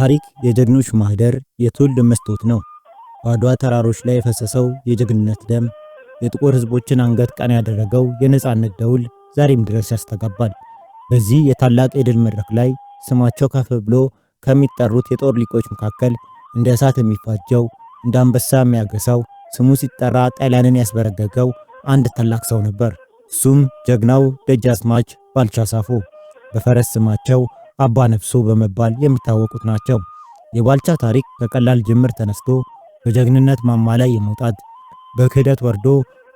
ታሪክ የጀግኖች ማህደር፣ የትውልድ መስታወት ነው። በአድዋ ተራሮች ላይ የፈሰሰው የጀግንነት ደም፣ የጥቁር ህዝቦችን አንገት ቀና ያደረገው የነፃነት ደውል ዛሬም ድረስ ያስተጋባል። በዚህ የታላቅ የድል መድረክ ላይ ስማቸው ከፍ ብሎ ከሚጠሩት የጦር ሊቆች መካከል እንደ እሳት የሚፋጀው እንደ አንበሳ የሚያገሳው ስሙ ሲጠራ ጣሊያንን ያስበረገገው አንድ ታላቅ ሰው ነበር። እሱም ጀግናው ደጃዝማች ባልቻ ሳፎ በፈረስ ስማቸው አባ ነፍሶ በመባል የሚታወቁት ናቸው። የባልቻ ታሪክ ከቀላል ጅምር ተነስቶ በጀግንነት ማማ ላይ የመውጣት በክህደት ወርዶ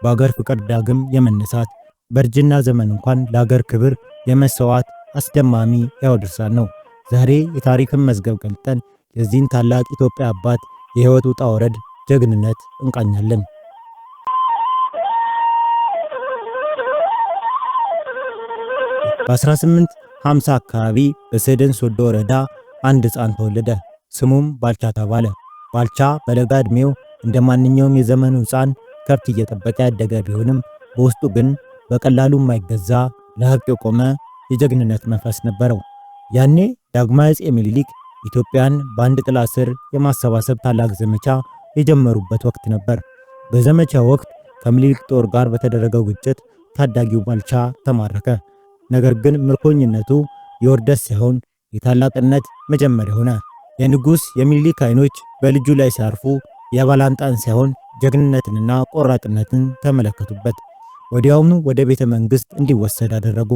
በአገር ፍቅር ዳግም የመነሳት በእርጅና ዘመን እንኳን ለአገር ክብር የመሰዋት አስደማሚ ሕያው ድርሳን ነው። ዛሬ የታሪክን መዝገብ ገልጠን የዚህን ታላቅ ኢትዮጵያ አባት የህይወት ውጣ ወረድ ጀግንነት እንቃኛለን። በ18 50 አካባቢ በስድን ሶዶ ወረዳ አንድ ህፃን ተወለደ። ስሙም ባልቻ ተባለ። ባልቻ በለጋ ዕድሜው እንደ ማንኛውም የዘመኑ ህፃን ከብት እየጠበቀ ያደገ ቢሆንም በውስጡ ግን በቀላሉ የማይገዛ ለሀቅ የቆመ የጀግንነት መንፈስ ነበረው። ያኔ ዳግማዊ አፄ ምኒልክ ኢትዮጵያን በአንድ ጥላ ስር የማሰባሰብ ታላቅ ዘመቻ የጀመሩበት ወቅት ነበር። በዘመቻ ወቅት ከምኒልክ ጦር ጋር በተደረገው ግጭት ታዳጊው ባልቻ ተማረከ። ነገር ግን ምርኮኝነቱ የወርደስ ሳይሆን የታላቅነት መጀመሪያ ሆነ። የንጉሥ የሚኒሊክ አይኖች በልጁ ላይ ሲያርፉ የባላንጣን ሳይሆን ጀግንነትንና ቆራጥነትን ተመለከቱበት። ወዲያውኑ ወደ ቤተ መንግሥት እንዲወሰድ አደረጉ።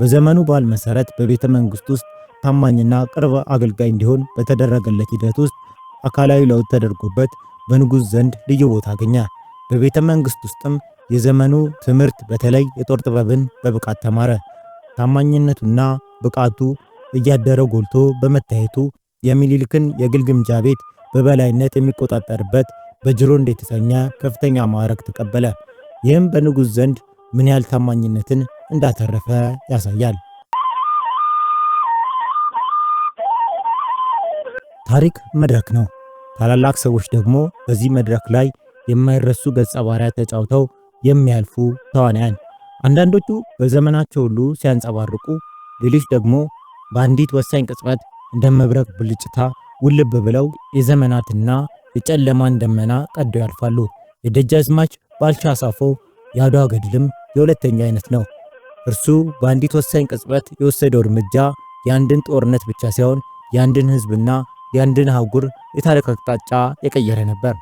በዘመኑ ባህል መሠረት በቤተ መንግሥት ውስጥ ታማኝና ቅርብ አገልጋይ እንዲሆን በተደረገለት ሂደት ውስጥ አካላዊ ለውጥ ተደርጎበት በንጉሥ ዘንድ ልዩ ቦታ አገኘ። በቤተ መንግሥት ውስጥም የዘመኑ ትምህርት በተለይ የጦር ጥበብን በብቃት ተማረ። ታማኝነቱና ብቃቱ እያደረ ጎልቶ በመታየቱ የሚኒልክን የግል ግምጃ ቤት በበላይነት የሚቆጣጠርበት በጅሮንድ የተሰኘ ከፍተኛ ማዕረግ ተቀበለ። ይህም በንጉሥ ዘንድ ምን ያህል ታማኝነትን እንዳተረፈ ያሳያል። ታሪክ መድረክ ነው። ታላላቅ ሰዎች ደግሞ በዚህ መድረክ ላይ የማይረሱ ገጸ ባህሪያት ተጫውተው የሚያልፉ ተዋንያን አንዳንዶቹ በዘመናቸው ሁሉ ሲያንጸባርቁ፣ ሌሎች ደግሞ በአንዲት ወሳኝ ቅጽበት እንደ መብረቅ ብልጭታ ውልብ ብለው የዘመናትና የጨለማን ደመና ቀደው ያልፋሉ። የደጃዝማች ባልቻ አሳፎ የአድዋ ገድልም የሁለተኛ አይነት ነው። እርሱ በአንዲት ወሳኝ ቅጽበት የወሰደው እርምጃ የአንድን ጦርነት ብቻ ሳይሆን የአንድን ሕዝብና የአንድን አህጉር የታሪክ አቅጣጫ የቀየረ ነበር።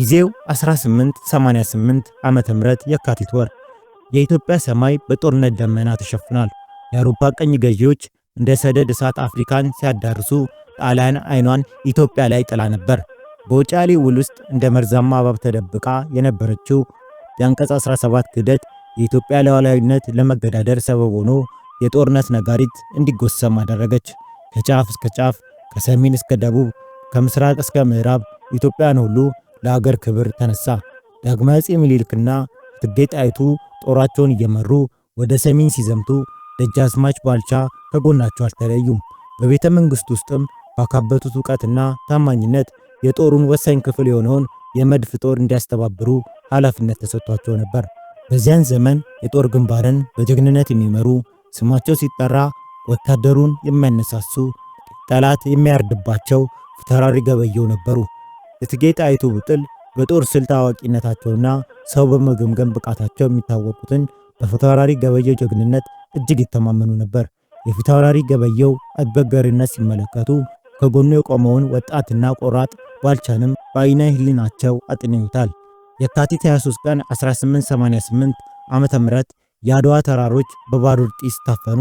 ጊዜው 1888 ዓ.ም የካቲት ወር የኢትዮጵያ ሰማይ በጦርነት ደመና ተሸፍኗል። የአውሮፓ ቀኝ ገዢዎች እንደ ሰደድ እሳት አፍሪካን ሲያዳርሱ ጣሊያን አይኗን ኢትዮጵያ ላይ ጥላ ነበር። በውጫሌ ውል ውስጥ እንደ መርዛማ እባብ ተደብቃ የነበረችው የአንቀጽ 17 ክህደት የኢትዮጵያ ሉዓላዊነት ለመገዳደር ሰበብ ሆኖ የጦርነት ነጋሪት እንዲጎሰም አደረገች። ከጫፍ እስከ ጫፍ፣ ከሰሜን እስከ ደቡብ፣ ከምስራቅ እስከ ምዕራብ ኢትዮጵያን ሁሉ ለአገር ክብር ተነሳ። ዳግማዊ አፄ ምኒልክና እቴጌ ጣይቱ ጦራቸውን እየመሩ ወደ ሰሜን ሲዘምቱ ደጃዝማች ባልቻ ከጎናቸው አልተለዩም። በቤተ መንግሥት ውስጥም ባካበቱት እውቀትና ታማኝነት የጦሩን ወሳኝ ክፍል የሆነውን የመድፍ ጦር እንዲያስተባብሩ ኃላፊነት ተሰጥቷቸው ነበር። በዚያን ዘመን የጦር ግንባርን በጀግንነት የሚመሩ ስማቸው ሲጠራ ወታደሩን የሚያነሳሱ ጠላት የሚያርድባቸው ፊታውራሪ ገበየው ነበሩ። እቴጌ ጣይቱ ብጥል በጦር ስልት አዋቂነታቸውና ሰው በመገምገም ብቃታቸው የሚታወቁትን በፊታውራሪ ገበየው ጀግንነት እጅግ ይተማመኑ ነበር። የፊታውራሪ ገበየው አድበጋሪነት ሲመለከቱ ከጎኑ የቆመውን ወጣትና ቆራጥ ባልቻንም በአይነ ህሊናቸው አጥንዩታል። የካቲት 23 ቀን 1888 ዓመተ የአድዋ ተራሮች በባሩድ ጢስ ታፈኑ።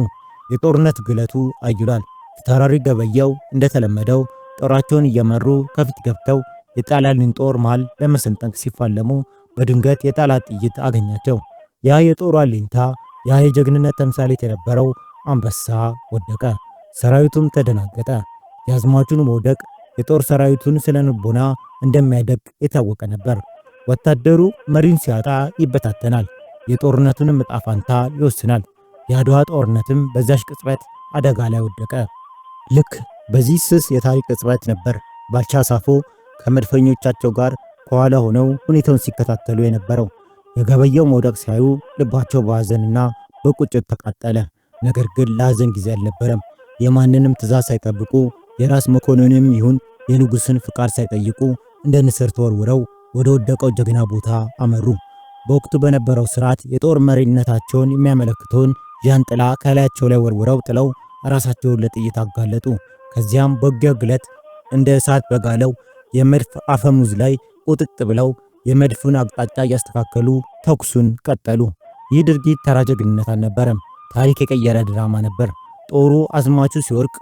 የጦርነት ግለቱ አይሏል። ፊታውራሪ ገበየው እንደተለመደው ጦራቸውን እየመሩ ከፊት ገብተው የጣሊያንን ጦር መሃል ለመሰንጠቅ ሲፋለሙ በድንገት የጣላት ጥይት አገኛቸው። ያ የጦሩ አለኝታ፣ ያ የጀግንነት ተምሳሌት የነበረው አንበሳ ወደቀ። ሰራዊቱም ተደናገጠ። የአዝማቹን መውደቅ የጦር ሰራዊቱን ስነ ልቦና እንደሚያደቅ የታወቀ ነበር። ወታደሩ መሪን ሲያጣ ይበታተናል። የጦርነቱንም ዕጣ ፈንታ ይወስናል። የአድዋ ጦርነትም በዛሽ ቅጽበት አደጋ ላይ ወደቀ። ልክ በዚህ ስስ የታሪክ ቅጽበት ነበር ባልቻ ሳፎ ከመድፈኞቻቸው ጋር ከኋላ ሆነው ሁኔታውን ሲከታተሉ የነበረው። የገበየው መውደቅ ሲያዩ ልባቸው በሐዘንና በቁጭት ተቃጠለ። ነገር ግን ለሐዘን ጊዜ አልነበረም። የማንንም ትእዛዝ ሳይጠብቁ የራስ መኮንንም ይሁን የንጉሥን ፍቃድ ሳይጠይቁ እንደ ንስር ተወርውረው ወደ ወደቀው ጀግና ቦታ አመሩ። በወቅቱ በነበረው ስርዓት የጦር መሪነታቸውን የሚያመለክተውን ዣንጥላ ከላያቸው ላይ ወርውረው ጥለው ራሳቸውን ለጥይት አጋለጡ። ከዚያም በውጊያው ግለት እንደ እሳት በጋለው የመድፍ አፈሙዝ ላይ ቁጥጥ ብለው የመድፉን አቅጣጫ እያስተካከሉ ተኩሱን ቀጠሉ። ይህ ድርጊት ተራ ጀግንነት አልነበረም፣ ታሪክ የቀየረ ድራማ ነበር። ጦሩ አዝማቹ ሲወርቅ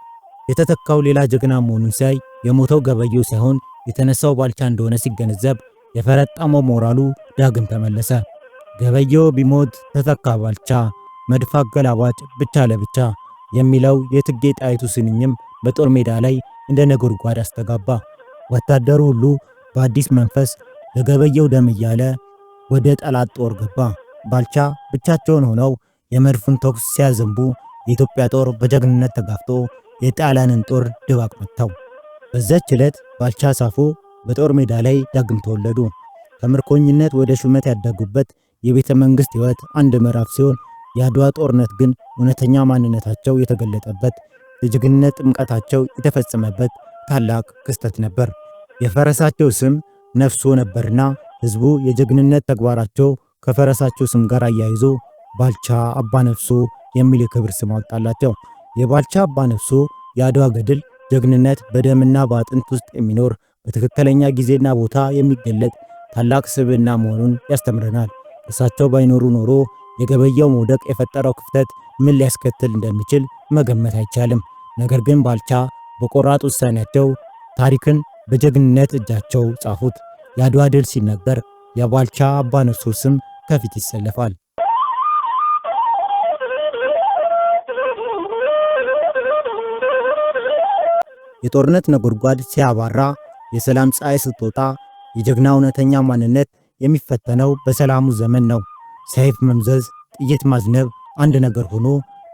የተተካው ሌላ ጀግና መሆኑን ሲያይ የሞተው ገበየው ሳይሆን የተነሳው ባልቻ እንደሆነ ሲገነዘብ የፈረጠመው ሞራሉ ዳግም ተመለሰ። ገበየው ቢሞት ተተካ ባልቻ፣ መድፍ አገላባጭ፣ ብቻ ለብቻ የሚለው የትጌ ጣይቱ ስንኝም በጦር ሜዳ ላይ እንደ ነጎድጓድ አስተጋባ። ወታደሩ ሁሉ በአዲስ መንፈስ ለገበየው ደም እያለ ወደ ጠላት ጦር ገባ። ባልቻ ብቻቸውን ሆነው የመድፉን ተኩስ ሲያዘንቡ የኢትዮጵያ ጦር በጀግንነት ተጋፍቶ የጣሊያንን ጦር ድባቅ መታው። በዛች ዕለት ባልቻ ሳፎ በጦር ሜዳ ላይ ዳግም ተወለዱ። ከምርኮኝነት ወደ ሹመት ያደጉበት የቤተ መንግሥት ሕይወት አንድ ምዕራፍ ሲሆን የአድዋ ጦርነት ግን እውነተኛ ማንነታቸው የተገለጠበት የጀግንነት ጥምቀታቸው የተፈጸመበት ታላቅ ክስተት ነበር። የፈረሳቸው ስም ነፍሶ ነበርና ሕዝቡ የጀግንነት ተግባራቸው ከፈረሳቸው ስም ጋር አያይዞ ባልቻ አባ ነፍሶ የሚል የክብር ስም አወጣላቸው። የባልቻ አባ ነፍሶ የአድዋ ገድል ጀግንነት በደምና በአጥንት ውስጥ የሚኖር በትክክለኛ ጊዜና ቦታ የሚገለጥ ታላቅ ስብዕና መሆኑን ያስተምረናል። እሳቸው ባይኖሩ ኖሮ የገበያው መውደቅ የፈጠረው ክፍተት ምን ሊያስከትል እንደሚችል መገመት አይቻልም። ነገር ግን ባልቻ በቆራጥ ውሳኔያቸው ታሪክን በጀግንነት እጃቸው ጻፉት። የአድዋ ድል ሲነገር የባልቻ አባነሱ ስም ከፊት ይሰለፋል። የጦርነት ነጎድጓድ ሲያባራ፣ የሰላም ፀሐይ ስትወጣ የጀግና እውነተኛ ማንነት የሚፈተነው በሰላሙ ዘመን ነው። ሰይፍ መምዘዝ፣ ጥይት ማዝነብ አንድ ነገር ሆኖ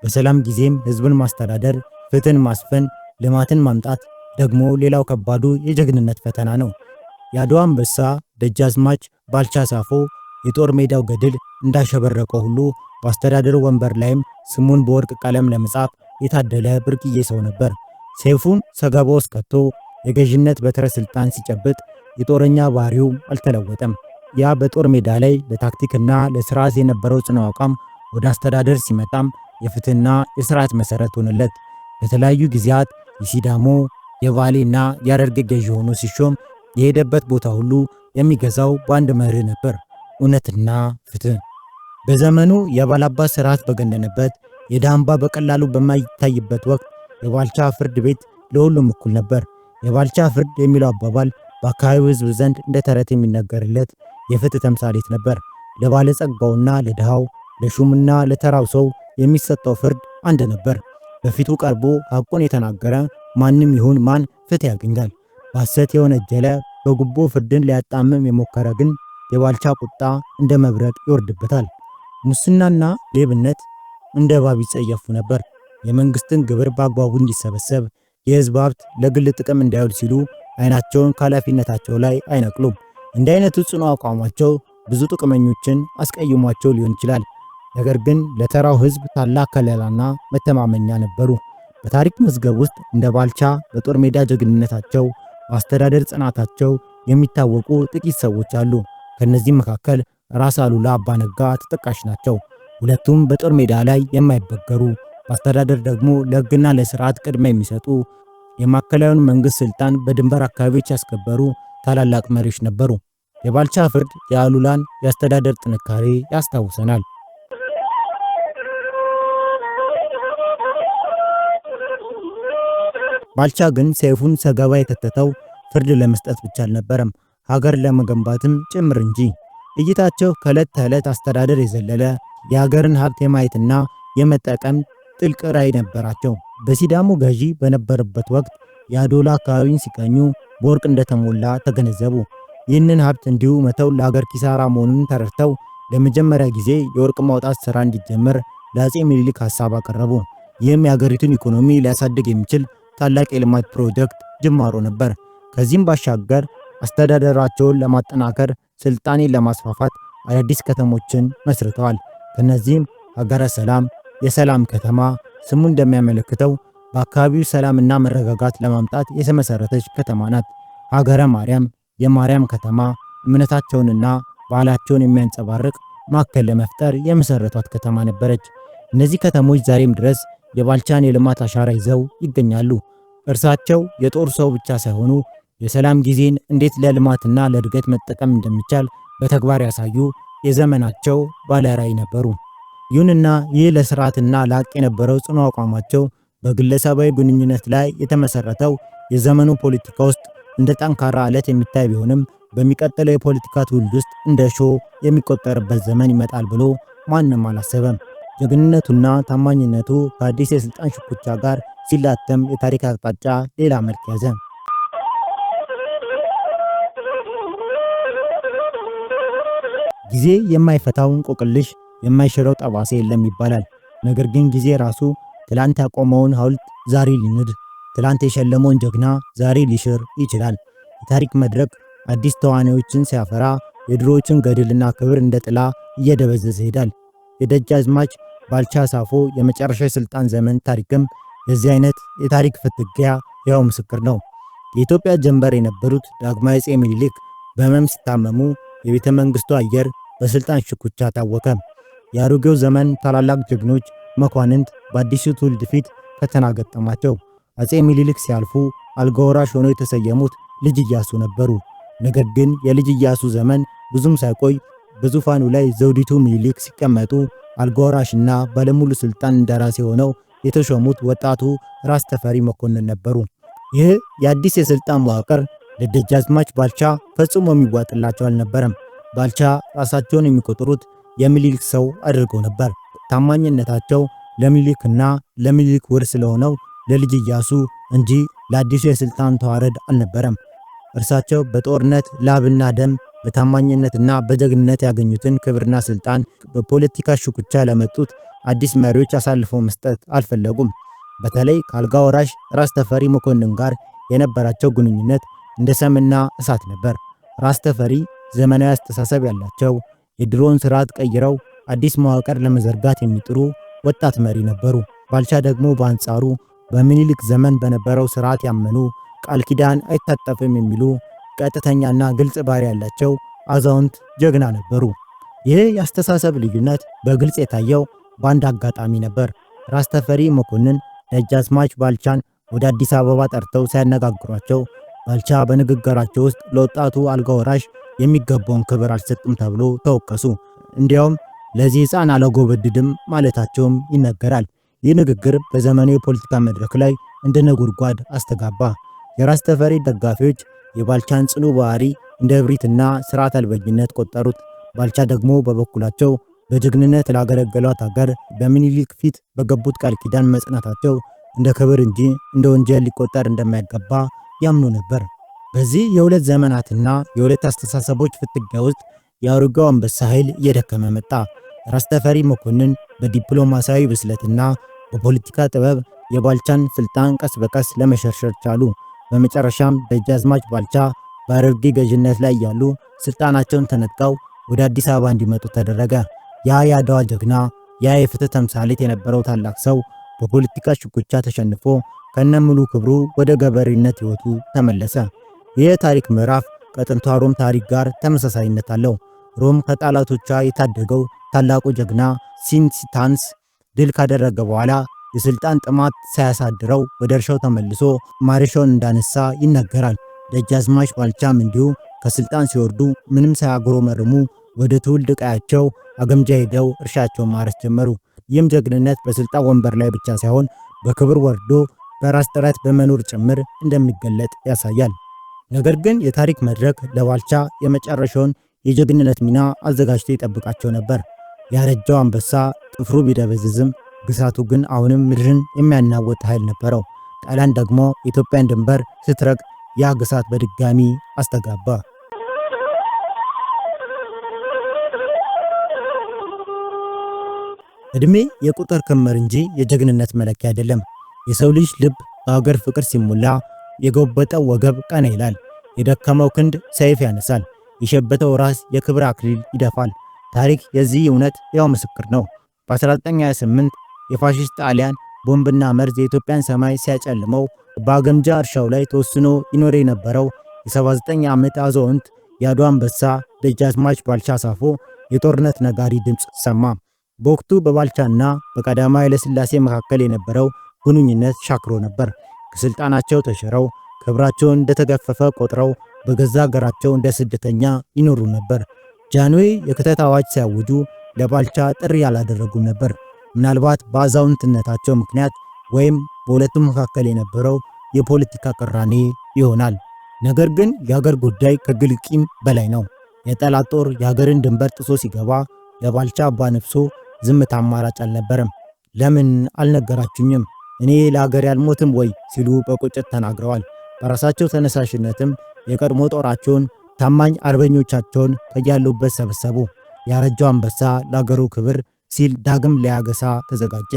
በሰላም ጊዜም ህዝብን ማስተዳደር፣ ፍትህን ማስፈን ልማትን ማምጣት ደግሞ ሌላው ከባዱ የጀግንነት ፈተና ነው። የአድዋ አንበሳ ደጃዝማች ባልቻ ሳፎ የጦር ሜዳው ገድል እንዳሸበረቀ ሁሉ በአስተዳደሩ ወንበር ላይም ስሙን በወርቅ ቀለም ለመጻፍ የታደለ ብርቅዬ ሰው ነበር። ሰይፉን ሰገባ ውስጥ ከቶ የገዥነት በትረ ስልጣን ሲጨብጥ የጦረኛ ባህሪው አልተለወጠም። ያ በጦር ሜዳ ላይ ለታክቲክና ለስርዓት የነበረው ጽኑ አቋም ወደ አስተዳደር ሲመጣም የፍትህና የስርዓት መሰረት ሆነለት። በተለያዩ ጊዜያት የሲዳሞ የባሌና የሐረርጌ ገዢ ሆኖ ሲሾም የሄደበት ቦታ ሁሉ የሚገዛው በአንድ መርህ ነበር፣ እውነትና ፍትህ። በዘመኑ የባላባ ስርዓት በገነነበት የዳንባ በቀላሉ በማይታይበት ወቅት የባልቻ ፍርድ ቤት ለሁሉም እኩል ነበር። የባልቻ ፍርድ የሚለው አባባል በአካባቢው ሕዝብ ዘንድ እንደ ተረት የሚነገርለት የፍትህ ተምሳሌት ነበር። ለባለጸጋውና ለድሃው፣ ለሹምና ለተራው ሰው የሚሰጠው ፍርድ አንድ ነበር። በፊቱ ቀርቦ ሐቁን የተናገረ ማንም ይሁን ማን ፍትህ ያገኛል። በሐሰት የወነጀለ በጉቦ ፍርድን ሊያጣምም የሞከረ ግን የባልቻ ቁጣ እንደ መብረቅ ይወርድበታል። ሙስናና ሌብነት እንደ እባብ ይጸየፉ ነበር። የመንግስትን ግብር በአግባቡ እንዲሰበሰብ፣ የህዝብ ሀብት ለግል ጥቅም እንዳይውል ሲሉ አይናቸውን ከኃላፊነታቸው ላይ አይነቅሉም። እንደ አይነቱ ጽኑ አቋማቸው ብዙ ጥቅመኞችን አስቀይሟቸው ሊሆን ይችላል። ነገር ግን ለተራው ሕዝብ ታላቅ ከለላና መተማመኛ ነበሩ። በታሪክ መዝገብ ውስጥ እንደ ባልቻ በጦር ሜዳ ጀግንነታቸው፣ በአስተዳደር ጽናታቸው የሚታወቁ ጥቂት ሰዎች አሉ። ከእነዚህም መካከል ራስ አሉላ አባነጋ ተጠቃሽ ናቸው። ሁለቱም በጦር ሜዳ ላይ የማይበገሩ በአስተዳደር ደግሞ ለህግና ለስርዓት ቅድሚያ የሚሰጡ የማዕከላዊን መንግሥት ሥልጣን በድንበር አካባቢዎች ያስከበሩ ታላላቅ መሪዎች ነበሩ። የባልቻ ፍርድ የአሉላን የአስተዳደር ጥንካሬ ያስታውሰናል። ባልቻ ግን ሰይፉን ሰገባ የከተተው ፍርድ ለመስጠት ብቻ አልነበረም፣ ሀገር ለመገንባትም ጭምር እንጂ። እይታቸው ከዕለት ተዕለት አስተዳደር የዘለለ የሀገርን ሀብት የማየትና የመጠቀም ጥልቅ ራዕይ ነበራቸው። በሲዳሙ ገዢ በነበረበት ወቅት የአዶላ አካባቢን ሲቀኙ በወርቅ እንደተሞላ ተገነዘቡ። ይህንን ሀብት እንዲሁ መተው ለሀገር ኪሳራ መሆኑን ተረድተው ለመጀመሪያ ጊዜ የወርቅ ማውጣት ሥራ እንዲጀመር ለአፄ ምኒልክ ሀሳብ አቀረቡ። ይህም የሀገሪቱን ኢኮኖሚ ሊያሳድግ የሚችል ታላቅ የልማት ፕሮጀክት ጅማሮ ነበር። ከዚህም ባሻገር አስተዳደራቸውን ለማጠናከር ስልጣኔን ለማስፋፋት አዳዲስ ከተሞችን መስርተዋል። ከነዚህም ሀገረ ሰላም፣ የሰላም ከተማ ስሙ እንደሚያመለክተው በአካባቢው ሰላምና መረጋጋት ለማምጣት የተመሰረተች ከተማ ናት። ሀገረ ማርያም፣ የማርያም ከተማ እምነታቸውንና ባህላቸውን የሚያንጸባርቅ ማዕከል ለመፍጠር የመሰረቷት ከተማ ነበረች። እነዚህ ከተሞች ዛሬም ድረስ የባልቻን የልማት አሻራ ይዘው ይገኛሉ። እርሳቸው የጦር ሰው ብቻ ሳይሆኑ የሰላም ጊዜን እንዴት ለልማትና ለእድገት መጠቀም እንደሚቻል በተግባር ያሳዩ የዘመናቸው ባለራዕይ ነበሩ። ይሁንና ይህ ለስርዓትና ላቅ የነበረው ጽኑ አቋማቸው በግለሰባዊ ግንኙነት ላይ የተመሰረተው የዘመኑ ፖለቲካ ውስጥ እንደ ጠንካራ አለት የሚታይ ቢሆንም በሚቀጥለው የፖለቲካ ትውልድ ውስጥ እንደ እሾህ የሚቆጠርበት ዘመን ይመጣል ብሎ ማንም አላሰበም። ጀግንነቱና ታማኝነቱ ከአዲስ የስልጣን ሽኩቻ ጋር ሲላተም የታሪክ አቅጣጫ ሌላ መልክ ያዘ። ጊዜ የማይፈታው እንቆቅልሽ የማይሽረው ጠባሴ የለም ይባላል። ነገር ግን ጊዜ ራሱ ትላንት ያቆመውን ሐውልት ዛሬ ሊንድ፣ ትላንት የሸለመውን ጀግና ዛሬ ሊሽር ይችላል። የታሪክ መድረክ አዲስ ተዋናዮችን ሲያፈራ የድሮዎችን ገድልና ክብር እንደ ጥላ እየደበዘዘ ይሄዳል። የደጃዝማች ባልቻ ሳፎ የመጨረሻ የስልጣን ዘመን ታሪክም የዚህ አይነት የታሪክ ፍትጊያ ያው ምስክር ነው። የኢትዮጵያ ጀንበር የነበሩት ዳግማዊ አፄ ምኒልክ በህመም ሲታመሙ የቤተ መንግስቱ አየር በስልጣን ሽኩቻ ታወከ። የአሮጌው ዘመን ታላላቅ ጀግኖች መኳንንት በአዲሱ ትውልድ ፊት ፈተና ገጠማቸው። አፄ ምኒልክ ሲያልፉ አልጋወራሽ ሆነው የተሰየሙት ልጅ እያሱ ነበሩ። ነገር ግን የልጅ እያሱ ዘመን ብዙም ሳይቆይ በዙፋኑ ላይ ዘውዲቱ ሚኒሊክ ሲቀመጡ አልጋወራሽና ባለሙሉ ስልጣን እንደራሴ ሆነው የተሾሙት ወጣቱ ራስ ተፈሪ መኮንን ነበሩ። ይህ የአዲስ የስልጣን መዋቅር ለደጃዝማች ባልቻ ፈጽሞ የሚዋጥላቸው አልነበረም። ባልቻ ራሳቸውን የሚቆጥሩት የሚኒሊክ ሰው አድርገው ነበር። ታማኝነታቸው ለሚኒሊክና ለሚኒሊክ ውር ስለሆነው ለልጅ ኢያሱ እንጂ ለአዲሱ የስልጣን ተዋረድ አልነበረም። እርሳቸው በጦርነት ላብና ደም በታማኝነትና በጀግንነት ያገኙትን ክብርና ስልጣን በፖለቲካ ሽኩቻ ለመጡት አዲስ መሪዎች አሳልፈው መስጠት አልፈለጉም። በተለይ ከአልጋ ወራሽ ራስ ተፈሪ መኮንን ጋር የነበራቸው ግንኙነት እንደ ሰምና እሳት ነበር። ራስ ተፈሪ ዘመናዊ አስተሳሰብ ያላቸው የድሮውን ስርዓት ቀይረው አዲስ መዋቅር ለመዘርጋት የሚጥሩ ወጣት መሪ ነበሩ። ባልቻ ደግሞ በአንጻሩ በምኒልክ ዘመን በነበረው ስርዓት ያመኑ ቃል ኪዳን አይታጠፍም የሚሉ ቀጥተኛና ግልጽ ባህሪ ያላቸው አዛውንት ጀግና ነበሩ። ይህ የአስተሳሰብ ልዩነት በግልጽ የታየው በአንድ አጋጣሚ ነበር። ራስ ተፈሪ መኮንን ደጃዝማች ባልቻን ወደ አዲስ አበባ ጠርተው ሲያነጋግሯቸው ባልቻ በንግግራቸው ውስጥ ለወጣቱ አልጋ ወራሽ የሚገባውን ክብር አልሰጥም ተብሎ ተወቀሱ። እንዲያውም ለዚህ ሕፃን አለጎበድድም ማለታቸውም ይነገራል። ይህ ንግግር በዘመኑ የፖለቲካ መድረክ ላይ እንደ ነጎድጓድ አስተጋባ። የራስ ተፈሪ ደጋፊዎች የባልቻን ጽኑ ባህሪ እንደ እብሪትና ስርዓት አልበኝነት ቆጠሩት። ባልቻ ደግሞ በበኩላቸው በጀግንነት ላገለገሏት ሀገር በምኒልክ ፊት በገቡት ቃል ኪዳን መጽናታቸው እንደ ክብር እንጂ እንደ ወንጀል ሊቆጠር እንደማይገባ ያምኑ ነበር። በዚህ የሁለት ዘመናትና የሁለት አስተሳሰቦች ፍትጊያ ውስጥ የአሮጌው አንበሳ ኃይል እየደከመ መጣ። ራስ ተፈሪ መኮንን በዲፕሎማሲያዊ ብስለትና በፖለቲካ ጥበብ የባልቻን ስልጣን ቀስ በቀስ ለመሸርሸር ቻሉ። በመጨረሻም ደጃዝማች ባልቻ በአረብጌ ገዥነት ላይ ያሉ ስልጣናቸውን ተነጥቀው ወደ አዲስ አበባ እንዲመጡ ተደረገ። ያ የአድዋ ጀግና፣ ያ የፍትህ ተምሳሌት የነበረው ታላቅ ሰው በፖለቲካ ሽኩቻ ተሸንፎ ከነሙሉ ክብሩ ወደ ገበሬነት ህይወቱ ተመለሰ። ይህ ታሪክ ምዕራፍ ከጥንቷ ሮም ታሪክ ጋር ተመሳሳይነት አለው። ሮም ከጠላቶቿ የታደገው ታላቁ ጀግና ሲንሲታንስ ድል ካደረገ በኋላ የስልጣን ጥማት ሳያሳድረው ወደ እርሻው ተመልሶ ማረሻውን እንዳነሳ ይነገራል። ደጃዝማች ባልቻም እንዲሁ ከስልጣን ሲወርዱ ምንም ሳያጉረመርሙ ወደ ትውልድ ቀያቸው አገምጃ ሄደው እርሻቸውን ማረስ ጀመሩ። ይህም ጀግንነት በስልጣን ወንበር ላይ ብቻ ሳይሆን በክብር ወርዶ በራስ ጥረት በመኖር ጭምር እንደሚገለጥ ያሳያል። ነገር ግን የታሪክ መድረክ ለባልቻ የመጨረሻውን የጀግንነት ሚና አዘጋጅቶ ይጠብቃቸው ነበር። ያረጃው አንበሳ ጥፍሩ ቢደበዝዝም ግዛቱ ግን አሁንም ምድርን የሚያናወጥ ኃይል ነበረው። ጣሊያን ደግሞ የኢትዮጵያን ድንበር ስትረቅ ያ ግዛት በድጋሚ አስተጋባ። እድሜ የቁጥር ክምር እንጂ የጀግንነት መለኪያ አይደለም። የሰው ልጅ ልብ በሀገር ፍቅር ሲሞላ የጎበጠው ወገብ ቀና ይላል፣ የደከመው ክንድ ሰይፍ ያነሳል፣ የሸበተው ራስ የክብር አክሊል ይደፋል። ታሪክ የዚህ እውነት ያው ምስክር ነው። በ1928 የፋሽስት ጣሊያን ቦምብና መርዝ የኢትዮጵያን ሰማይ ሲያጨልመው በአገምጃ እርሻው ላይ ተወስኖ ይኖር የነበረው የ79 ዓመት አዛውንት የአድዋ አንበሳ ደጃዝማች ባልቻ ሳፎ የጦርነት ነጋሪ ድምፅ ሰማ። በወቅቱ በባልቻና በቀዳማዊ ኃይለሥላሴ መካከል የነበረው ግንኙነት ሻክሮ ነበር። ከሥልጣናቸው ተሽረው ክብራቸውን እንደተገፈፈ ቆጥረው በገዛ አገራቸው እንደ ስደተኛ ይኖሩ ነበር። ጃንዌ የክተት አዋጅ ሲያውጁ ለባልቻ ጥሪ አላደረጉም ነበር። ምናልባት በአዛውንትነታቸው ምክንያት ወይም በሁለቱም መካከል የነበረው የፖለቲካ ቅራኔ ይሆናል። ነገር ግን የሀገር ጉዳይ ከግል ቂም በላይ ነው። የጠላት ጦር የሀገርን ድንበር ጥሶ ሲገባ ለባልቻ አባ ነፍሶ ዝምታ አማራጭ አልነበረም። ለምን አልነገራችሁኝም? እኔ ለሀገር ያልሞትም ወይ ሲሉ በቁጭት ተናግረዋል። በራሳቸው ተነሳሽነትም የቀድሞ ጦራቸውን ታማኝ አርበኞቻቸውን ከያሉበት ሰበሰቡ። ያረጀው አንበሳ ለአገሩ ክብር ሲል ዳግም ሊያገሳ ተዘጋጀ።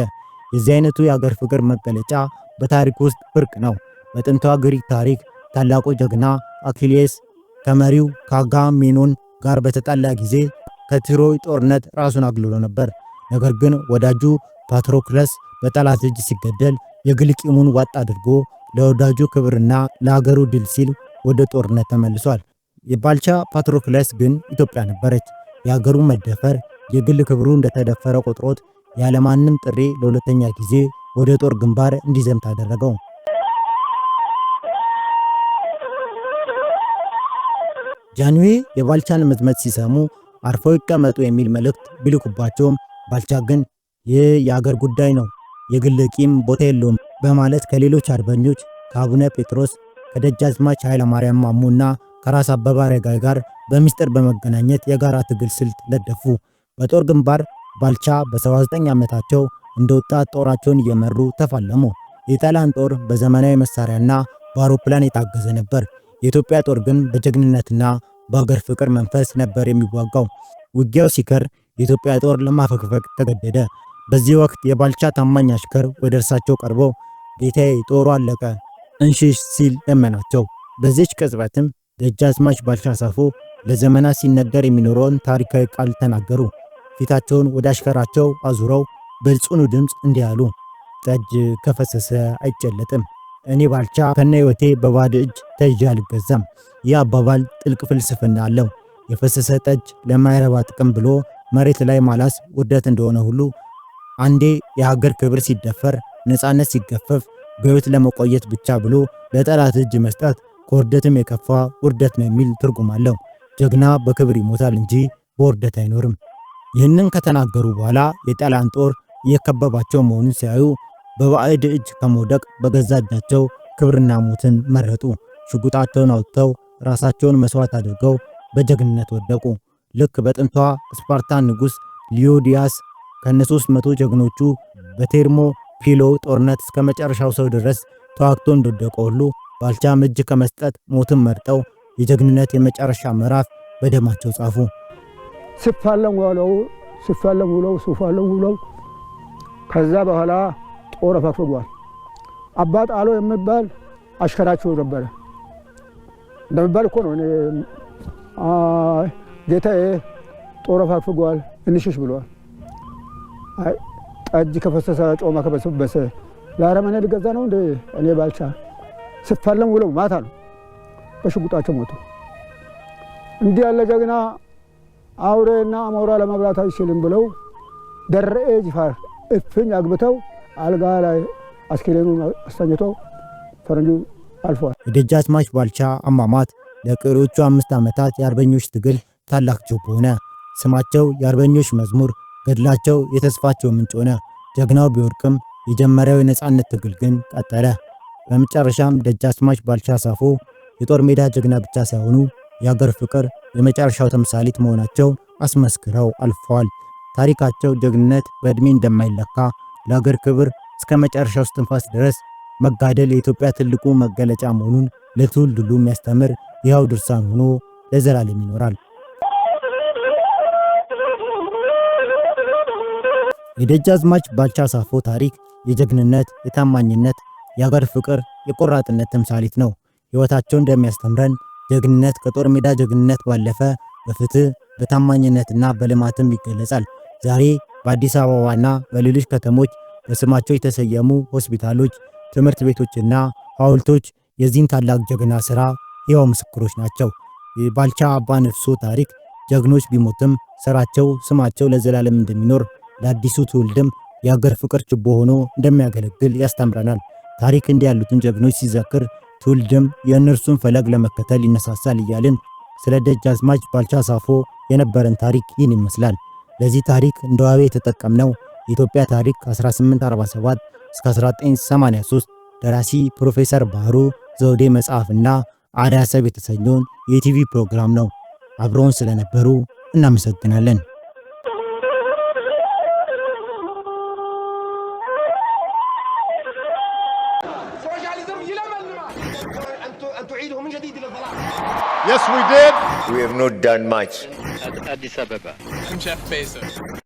የዚህ አይነቱ የአገር ፍቅር መገለጫ በታሪክ ውስጥ ብርቅ ነው። በጥንቷ ግሪክ ታሪክ ታላቁ ጀግና አኪሌስ ከመሪው ከአጋሜኖን ጋር በተጣላ ጊዜ ከትሮይ ጦርነት ራሱን አግልሎ ነበር። ነገር ግን ወዳጁ ፓትሮክለስ በጠላት እጅ ሲገደል የግልቂሙን ዋጥ አድርጎ ለወዳጁ ክብርና ለአገሩ ድል ሲል ወደ ጦርነት ተመልሷል። የባልቻ ፓትሮክለስ ግን ኢትዮጵያ ነበረች። የአገሩ መደፈር የግል ክብሩ እንደተደፈረ ቆጥሮት ያለማንም ጥሪ ለሁለተኛ ጊዜ ወደ ጦር ግንባር እንዲዘምት አደረገው። ጃንዌ የባልቻን መዝመት ሲሰሙ አርፈው ይቀመጡ የሚል መልእክት ቢልኩባቸውም ባልቻ ግን ይህ የአገር ጉዳይ ነው፣ የግል ቂም ቦታ የለውም በማለት ከሌሎች አርበኞች ከአቡነ ጴጥሮስ ከደጃዝማች ኃይለማርያም ማሙና ከራስ አበባ አረጋይ ጋር በምስጢር በመገናኘት የጋራ ትግል ስልት ነደፉ። በጦር ግንባር ባልቻ በ79 ዓመታቸው እንደ ወጣት ጦራቸውን እየመሩ ተፋለሙ። የጣሊያን ጦር በዘመናዊ መሳሪያና በአውሮፕላን የታገዘ ነበር። የኢትዮጵያ ጦር ግን በጀግንነትና በአገር ፍቅር መንፈስ ነበር የሚዋጋው። ውጊያው ሲከር የኢትዮጵያ ጦር ለማፈግፈግ ተገደደ። በዚህ ወቅት የባልቻ ታማኝ አሽከር ወደ እርሳቸው ቀርቦ ጌታዬ ጦሩ አለቀ እንሽሽ ሲል ለመናቸው። በዚች ቅጽበትም ደጃዝማች ባልቻ ሳፎ ለዘመናት ሲነገር የሚኖረውን ታሪካዊ ቃል ተናገሩ። ፊታቸውን ወደ አሽከራቸው አዙረው በጽኑ ድምፅ እንዲህ አሉ። ጠጅ ከፈሰሰ አይጨለጥም። እኔ ባልቻ ከነ ህይወቴ በባድ እጅ ተይዤ አልገዛም። ይህ አባባል ጥልቅ ፍልስፍና አለው። የፈሰሰ ጠጅ ለማይረባ ጥቅም ብሎ መሬት ላይ ማላስ ውርደት እንደሆነ ሁሉ አንዴ የሀገር ክብር ሲደፈር፣ ነፃነት ሲገፈፍ፣ በሕይወት ለመቆየት ብቻ ብሎ ለጠላት እጅ መስጠት ከውርደትም የከፋ ውርደት ነው የሚል ትርጉም አለው። ጀግና በክብር ይሞታል እንጂ በውርደት አይኖርም። ይህንን ከተናገሩ በኋላ የጣሊያን ጦር እየከበባቸው መሆኑን ሲያዩ በባዕድ እጅ ከመውደቅ በገዛ እጃቸው ክብርና ሞትን መረጡ። ሽጉጣቸውን አውጥተው ራሳቸውን መስዋዕት አድርገው በጀግንነት ወደቁ። ልክ በጥንቷ ስፓርታን ንጉሥ ሊዮዲያስ ከነ300 ጀግኖቹ በቴርሞ ፒሎ ጦርነት እስከ መጨረሻው ሰው ድረስ ተዋግቶ እንደወደቀ ሁሉ ባልቻም እጅ ከመስጠት ሞትን መርጠው የጀግንነት የመጨረሻ ምዕራፍ በደማቸው ጻፉ። ሲፋለም ዋለው ሲፋለም ውለው ሲፋለም ውለው ከዛ በኋላ ጦር ፈግፍጓል። አባ ጣሎ የሚባል አሽከራቸው ነበረ እንደሚባል እኮ ነው። ጌታዬ ጦር ፈግፍጓል እንሽሽ ብሏል። ጠጅ ከፈሰሰ ጮማ ከበሰበሰ ለአረመኔ ልገዛ ነው እንደ እኔ ባልቻ ሲፋለም ውለው ማታ ነው በሽጉጣቸው ሞቱ። እንዲህ ያለ ጀግና አውሬና አሞራ ለመብላት አይችልም ብለው ደረኤ ጅፋር እፍኝ አግብተው አልጋ ላይ አስክሬኑን አስተኝቶ ፈረንጁ አልፏል። የደጃዝማች ባልቻ አሟሟት ለቀሪዎቹ አምስት ዓመታት የአርበኞች ትግል ታላቅ ችቦ ሆነ። ስማቸው የአርበኞች መዝሙር፣ ገድላቸው የተስፋቸው ምንጭ ሆነ። ጀግናው ቢወድቅም የጀመሪያው የነፃነት ትግል ግን ቀጠለ። በመጨረሻም ደጃዝማች ባልቻ ሳፎ የጦር ሜዳ ጀግና ብቻ ሳይሆኑ የአገር ፍቅር የመጨረሻው ተምሳሌት መሆናቸው አስመስክረው አልፈዋል። ታሪካቸው ጀግንነት በእድሜ እንደማይለካ ለአገር ክብር እስከ መጨረሻው እስትንፋስ ድረስ መጋደል የኢትዮጵያ ትልቁ መገለጫ መሆኑን ለትውልድ ሁሉ የሚያስተምር ይኸው ድርሳን ሆኖ ለዘላለም ይኖራል። የደጃዝማች ባልቻ ሳፎ ታሪክ የጀግንነት፣ የታማኝነት፣ የአገር ፍቅር፣ የቆራጥነት ተምሳሌት ነው። ሕይወታቸው እንደሚያስተምረን ጀግንነት ከጦር ሜዳ ጀግንነት ባለፈ በፍትህ በታማኝነትና በልማትም ይገለጻል። ዛሬ በአዲስ አበባና በሌሎች ከተሞች በስማቸው የተሰየሙ ሆስፒታሎች፣ ትምህርት ቤቶችና ሐውልቶች የዚህን ታላቅ ጀግና ሥራ ሕያው ምስክሮች ናቸው። የባልቻ አባ ነፍሶ ታሪክ ጀግኖች ቢሞትም ሥራቸው፣ ስማቸው ለዘላለም እንደሚኖር ለአዲሱ ትውልድም የአገር ፍቅር ችቦ ሆኖ እንደሚያገለግል ያስተምረናል። ታሪክ እንዲህ ያሉትን ጀግኖች ሲዘክር ትውልድም የእነርሱን ፈለግ ለመከተል ይነሳሳል እያልን ስለ ደጃዝማች ባልቻ ሳፎ የነበረን ታሪክ ይህን ይመስላል። ለዚህ ታሪክ እንደ ዋቤ የተጠቀምነው የኢትዮጵያ ታሪክ 1847 እስከ 1983 ደራሲ ፕሮፌሰር ባህሩ ዘውዴ መጽሐፍና አዳሰብ የተሰኘውን የቲቪ ፕሮግራም ነው። አብረውን ስለነበሩ እናመሰግናለን። Yes, we did. We have not done much. Addis Ababa. I'm Jeff Bezos.